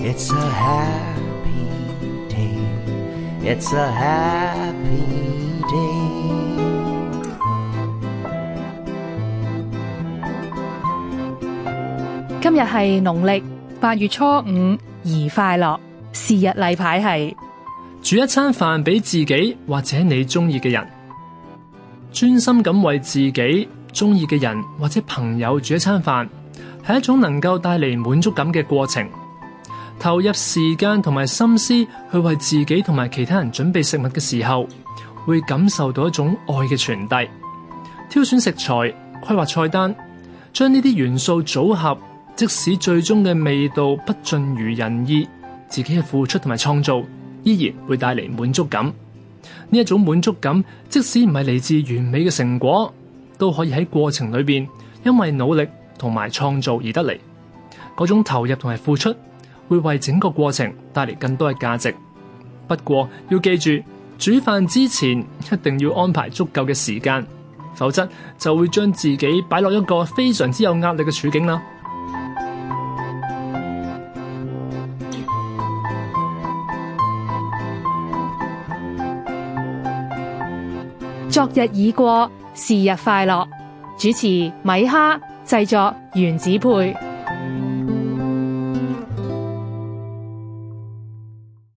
It's a happy day. It's a happy day。今日係農曆八月初五，宜快樂。是日例牌係煮一餐飯俾自己或者你中意嘅人，專心咁為自己中意嘅人或者朋友煮一餐飯。係一種能夠帶嚟滿足感嘅過程。投入時間同埋心思去為自己同埋其他人準備食物嘅時候，會感受到一種愛嘅傳遞。挑選食材、規劃菜單、將呢啲元素組合，即使最終嘅味道不盡如人意，自己嘅付出同埋創造依然會帶嚟滿足感。呢一種滿足感，即使唔係嚟自完美嘅成果，都可以喺過程裏邊，因為努力。同埋創造而得嚟嗰種投入同埋付出，會為整個過程帶嚟更多嘅價值。不過要記住，煮飯之前一定要安排足夠嘅時間，否則就會將自己擺落一個非常之有壓力嘅處境啦。昨日已過，是日快樂。主持米哈。製作原子配。